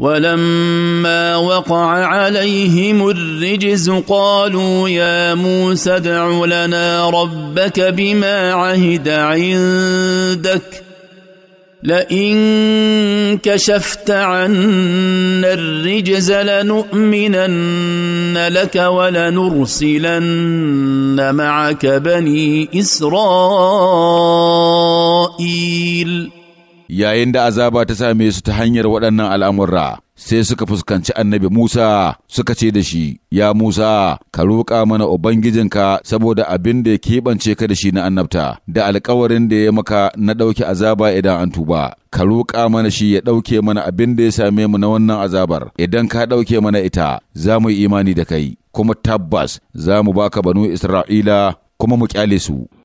ولما وقع عليهم الرجز قالوا يا موسى ادع لنا ربك بما عهد عندك لئن كشفت عنا الرجز لنؤمنن لك ولنرسلن معك بني اسرائيل yayin da azaba ta same su ta hanyar waɗannan al'amurra, sai suka fuskanci annabi Musa suka ce da shi, Ya Musa, ka roƙa mana Ubangijinka saboda abin da ya keɓance ka da shi na annabta, da alkawarin da ya maka na ɗauke azaba idan an tuba, ka roƙa mana shi ya ɗauke mana abin da ya same mu na wannan azabar, idan ka ɗauke mana ita, za mu yi imani da kai, kuma tabbas za mu baka banu Isra'ila kuma mu ƙyale su.